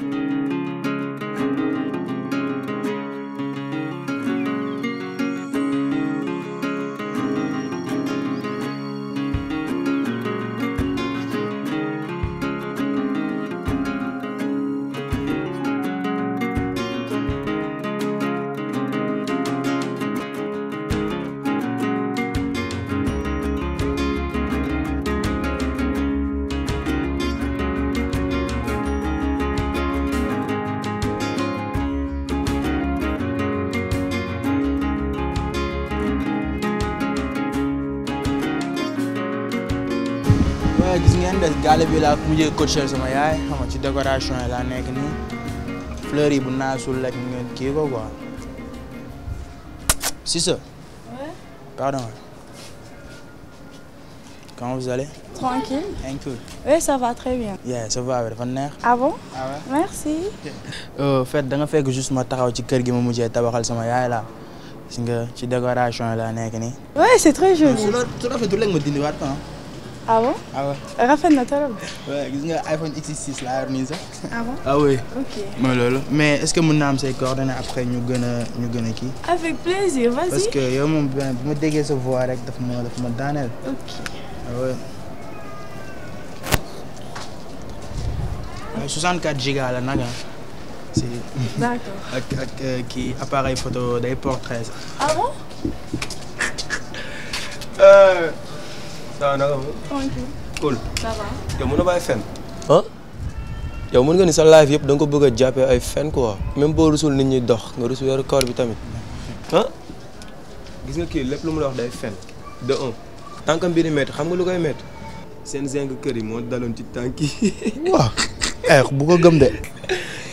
thank you Lopez gaale bi laa mujjee coachal sama yaay xam ci décoration yi laa nekk nii fleur yi bu naasul rek ngeen kii ko quoi si ça. pardon. Comment vous allez? Tranquille. Thank you. Oui, ça va très bien. Yeah, ça va dafa neex. Ah bon? Ah ouais. Merci. Euh, fait da fekk juste ma taxaw ci kër gi ma mujjee tabaxal sama yaay la. gis nga ci décoration yi laa nekk nii. c'est très joli. Ah, ah bon ah ouais. rafet na trop. waaw gis nga iPhone X6 laa yor nii sax. ah bon ah oui. ok mooy loolu mais est-ce que mën naa am say coordonnées après ñu gën a ñu gën a kii. avec plaisir vas daf ma daf ma daaneel. ok ah ouais. waaye 64 giga la nag si. ak ak euh, kii appareil photo day portrait sax. Ah euh, ça va naka ma. tranquille. yow mun na bàyyi fen. ah nga ni sa live yëpp danga ko bëgg a jàppe ay fen quoi même boo rusul nit ñi dox nga rusul yor bi tamit ah gis nga kii lépp lu mu la wax day fen de un tànk mbiri métti xam nga lu koy métti seen zinc kër yi moo daloon ci tànk yi. waaw eh, bu ko gëm de.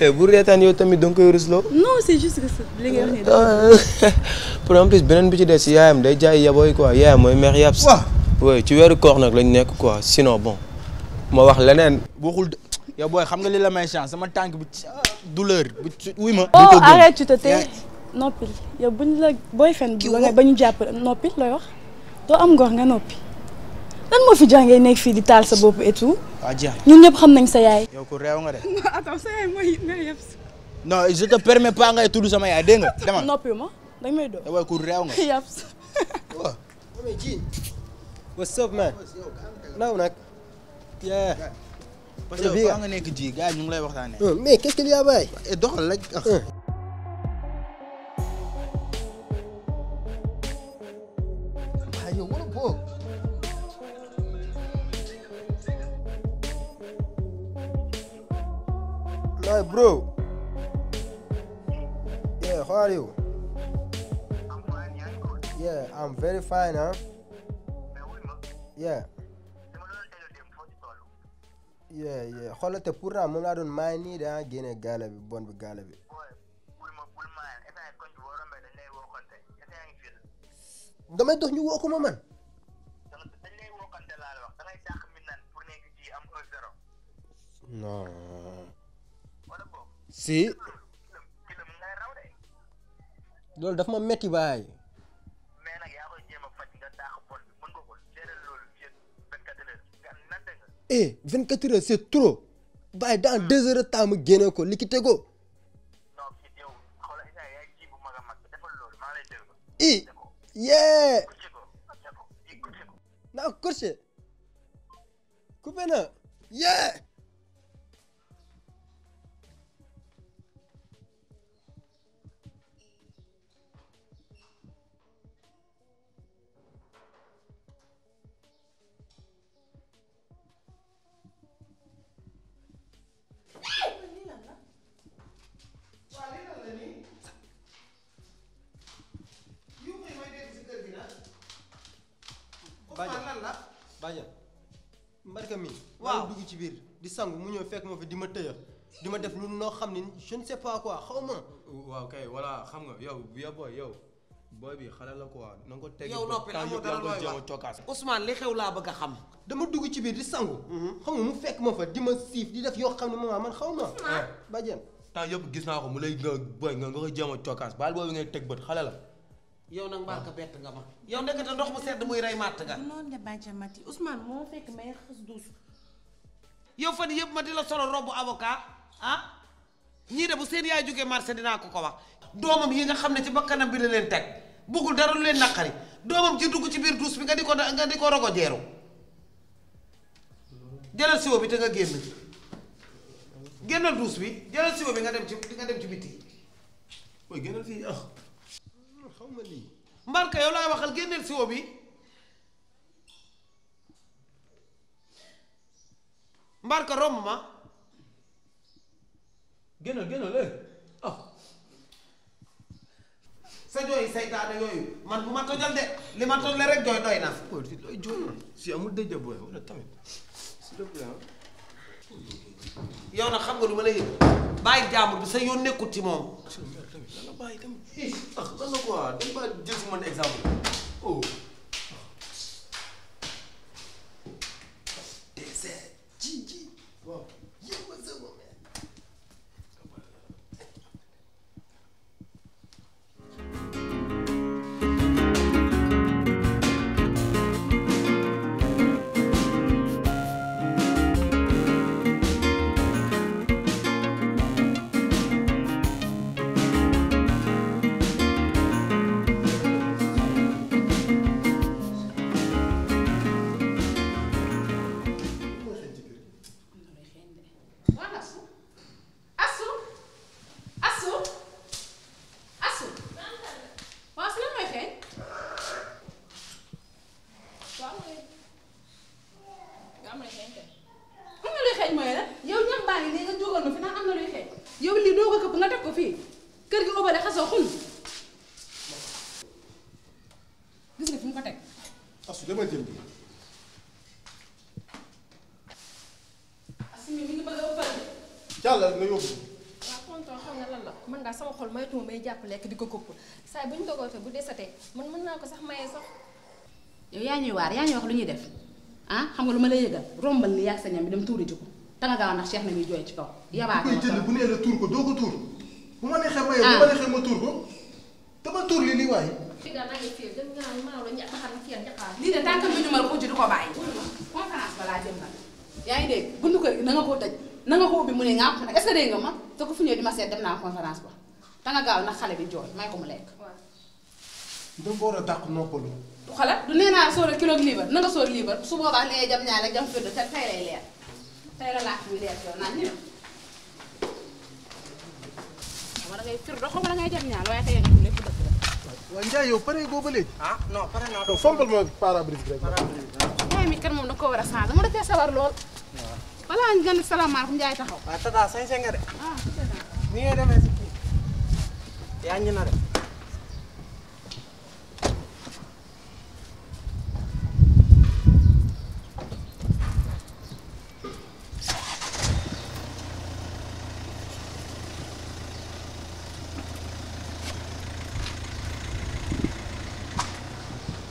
Eh, bu reetaan yow tamit danga koy rusloo. non c'est juste que pour en beneen bi ci des yaayam day jaay yabooy quoi yaayam mooy meex yàpp. oui ci weeru koor nag lañ nekk quoi sinon bon moo wax leneen. waxul yow booy xam nga li la may chance sama tànk bi ah, douleur bi wuy ma. oh arrête tu te tais noppi yow la booy fen bu la ba ñu noppi lay wax doo am ngor nga noppi. lan moo fi jàngee nekk fii di taal sa bopp et tout. waaw jeex ñun ñëpp xam nañ sa yaay. yow ku réew nga de. tudd sama yaay dégg nga. noppi ma dañ may doon. waaw ku réew what's up man naw nag. yaa nga nekk ji gars yi ñu ngi lay waxtaanee. Hmm, mais qu'est-ce qu'il y a baay. Eh, doxal rek. Ah. Hmm. waaw bro. yeah how are you. yeah I'm very fine ah. yeah yeah yeah xoolal te pourtant moom laa doon maay nii daa génne gaala bon bi gaala bi damay dox ñu woo ko ma si loolu daf ma metti baay eh 24 heures c' est trop waaye dans deux heures de temps ko liquide ko. yee. naa ko coché. yee. Badiane lan la Badiane mbarka mi waaw dugg ci biir di sangu mu ñëw fekk ma fi di ma tëya di ma def lu noo xam ne je ne sais pas xaw ma waaw kay voilà xam nga yow ya booy yow booy bi xale la quoi na nga ko teg yow noppi la amoo dara looy wax Ousmane xew laa bëgg xam dama dugg ci biir di sangu mhm. xam nga mu fekk ma fa di ma siif def yoo xam ne moom man xaw ma Badiane temps yëpp gis naa ko mu lay nga booy nga nga ko jéem a cokkaas baal boobu ngay teg bët xale la yow nag mbaaka ah. bett nga ma yow ndekete ndox mu sedd muy rey màtt nga. noonu de bàjja Mati Ousmane moo fekk may xës duus. yow fan yëpp ma di la solo robu aboka ah ñii de bu seen yaay jóge marché dinaa ko ko wax. doomam yi nga xam ne ci bakkanam bi la leen teg buggul dara lu leen naqari doomam ji dugg ci biir duus bi nga di ko nga di ko rogo jeeru jëlal siwo bi te nga génn génnal duus bi jëlal siwo bi nga dem ci nga dem ci bitti. mooy génnal fii ah. xaw ma lii mbarka yow laay waxal génneel siwo bi mbarka romb ma génnal génnal eh ah. sa jooy seytaane yooyu man bu ma tojal de li ma tojle rek jooy doy na si amul dëj booy wala tamit ah. yow nag xam nga lu ma yëg bàyyi jaambur bi sa yoon ci moom lan la bàyyi tamit. Ah, lan la quoi da nga bàyyi jël si man exemple oh. jàllal nga yóbbu. waaw tonton xam nga lan la man daal sama xol moytu may jàpp lekk di ko këpp saa bu ñu dogootee bu desatee man mën naa ko sax maye sax. yow yaa ñuy waar yaa ñuy wax lu ñuy def ah xam nga lu ma lay yëgal rombal ni yaa sa ñam bi dem tuuri ji ko te nga na ñuy jooy ci kaw. yabaate ma toog bu la tuur ko doo ko tuur. bu ma neexee maye bu ah. ma neexee ma tuur ko te ma tuur li lii waaye. fii daal naa ngi lii de tànk bi ñu mal ko ji du ko bàyyi. conférence balaa jëm na yaa ngi dégg bundu kër gi na nga ko tëj na nga ko ubbi mu ne nga am nag est-ce que dégg nga ma te ku fi ñëw di ma seet dem naa conférence ba da nga gaaw nag xale bi jooy may ko mu lekk. da ko war a dàq noppalu. du xalaat du nee naa sóor kilo liibar na nga sóor liibar su boobaa li ngay jam ñaar rek jam fii te tey lay leer tey la laaj muy leer yow naan ñëw. wala ngay fir dox wala ngay jam ñaar waaye tey nga lépp dëkk la. waaw Ndiaye yow pare boo ba léegi. ah non pare naa. fompal ma parabrise rek. parabrise ah. mi kan moom da ko war a changé mu dafay sawar lool. balaa ñu gën a salaamaaleykum Ndiaye taxaw. waaw tata sañ-sañ nga de. ah ni ngay demee si kii yaa ngi na de.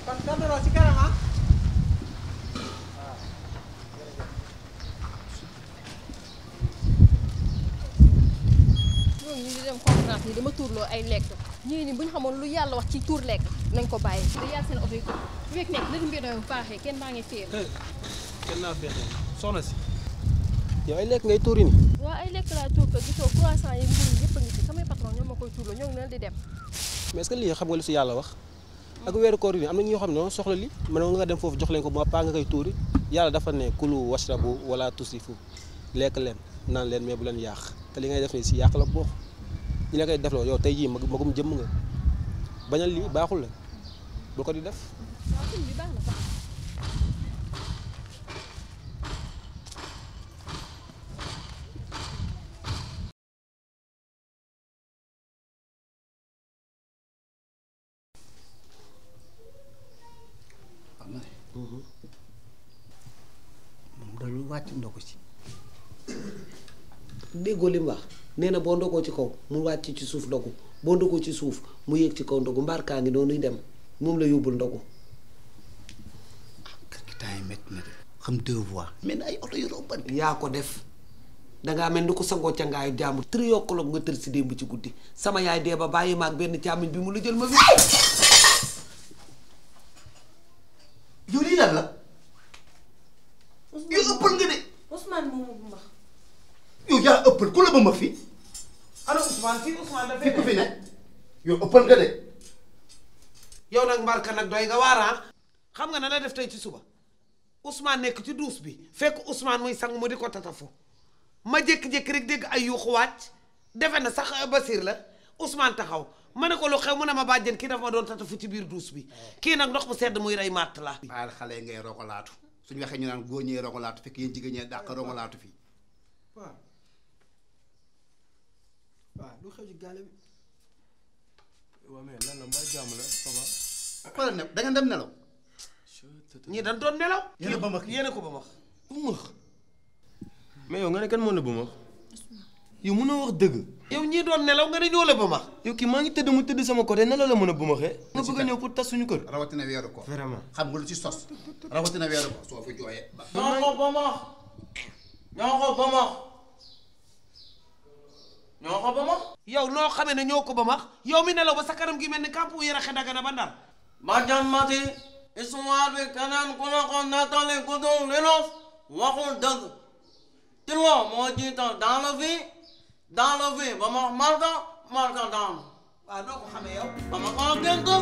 kon tonton si kanam ah? France ni dama tuurloo ay lekk ñii bu ñu xamoon lu yàlla wax ci tuur lekk nañ ko bàyyi da yàlla yi ko wéeg ngi féer eh, kenn soxna si yow ay lekk ngay tuuri ni waaw ay lekk tuur yi mburu a ngi si samay patron ñoom ma koy tuurloo ñoo ngi leen di dem mais est que lii xam nga lu si yàlla wax ak weeru koor yi am na ñoo xam ne noonu soxla li mën nga dem foofu jox leen ko ma paa nga koy tuuri yàlla dafa ne kulu washrabu wala tusifu lekk leen naan leen mais bu leen yàq te li ngay def ni si yàq la bokk ñi la koy defloo yow tey jii magum jëmm nga bañal lii baaxul la bul ko di def. déggoo li mu wax nee na boo ndogoo ci kaw mu wàcc ci suuf ndogu boo ndogoo ci suuf mu yéeg ci kaw ndogu mbaarkaa ngi noonu dem moom la yóbbul ndogu. Ah, temps métti xam deux voies mais na ay oto yu yaa ko def dangaa mel ni ko sangoo ca ngaayu jàmbur tri yokkaloog nga tër si démb ci guddi sama yaay dee ba bàyyi maag benn càmmiñ bi mu la jël ma fi yóbbu ma fi. ana Ousmane fii Ousmane dafay ku fi ne. yow ëppal nga de. yow nag mbarka nag doy nga waar ah. xam nga na la def tey ci suba Ousmane nekk ci duus bi fekk Ousmane muy sang mu di ko tatafu ma jékki-jékki rek dégg ay yuuxu wàcc defe na sax a euh, Basir la Ousmane taxaw. ma ne ko lu xew mu ne ma bàjjen kii dafa ma doon tatafu ci biir duus bi eh. kii nag ndox mu sedd muy rey màtt la xale yi ngay rogalaatu suñu waxee ñu naan góor ñee fekk yéen jigéen ñee dàq eh, rogalaatu fii waaw lu xew ci gaale bi. waaw mais lan la mbaa jàmm na da ngeen dem nelaw. ñii dañ doon nelaw. yéen ba max yéen a ko ba max. bu mais yow nga ne kan moo la ba max. yow mënoo wax dëgg. yow ñii doon nelaw nga ne ñoo la ba max. yow kii maa ngi tëdd mu tëdd sama côté nelaw la mën a ba maxee. nga bëgg a ñëw pour tas suñu kër. rawatina weeru ko vraiment xam ko soo fa jooyee. ba max ñoo ko ba max. ñoo ko ba ñoo ko ba max yow noo xamee ne ñoo ko ba max yow mi nelaw ba sa kanam gi mel ni kàmpu yaraxe dagana na ndar bàjjan mati histoire bi keneen ku la ko nettali ku dul Linus waxul dëgg tilwa moo jiital dans la vie dans ba max marka marka daanu waaw noo xamee yow ba ma koo gëntu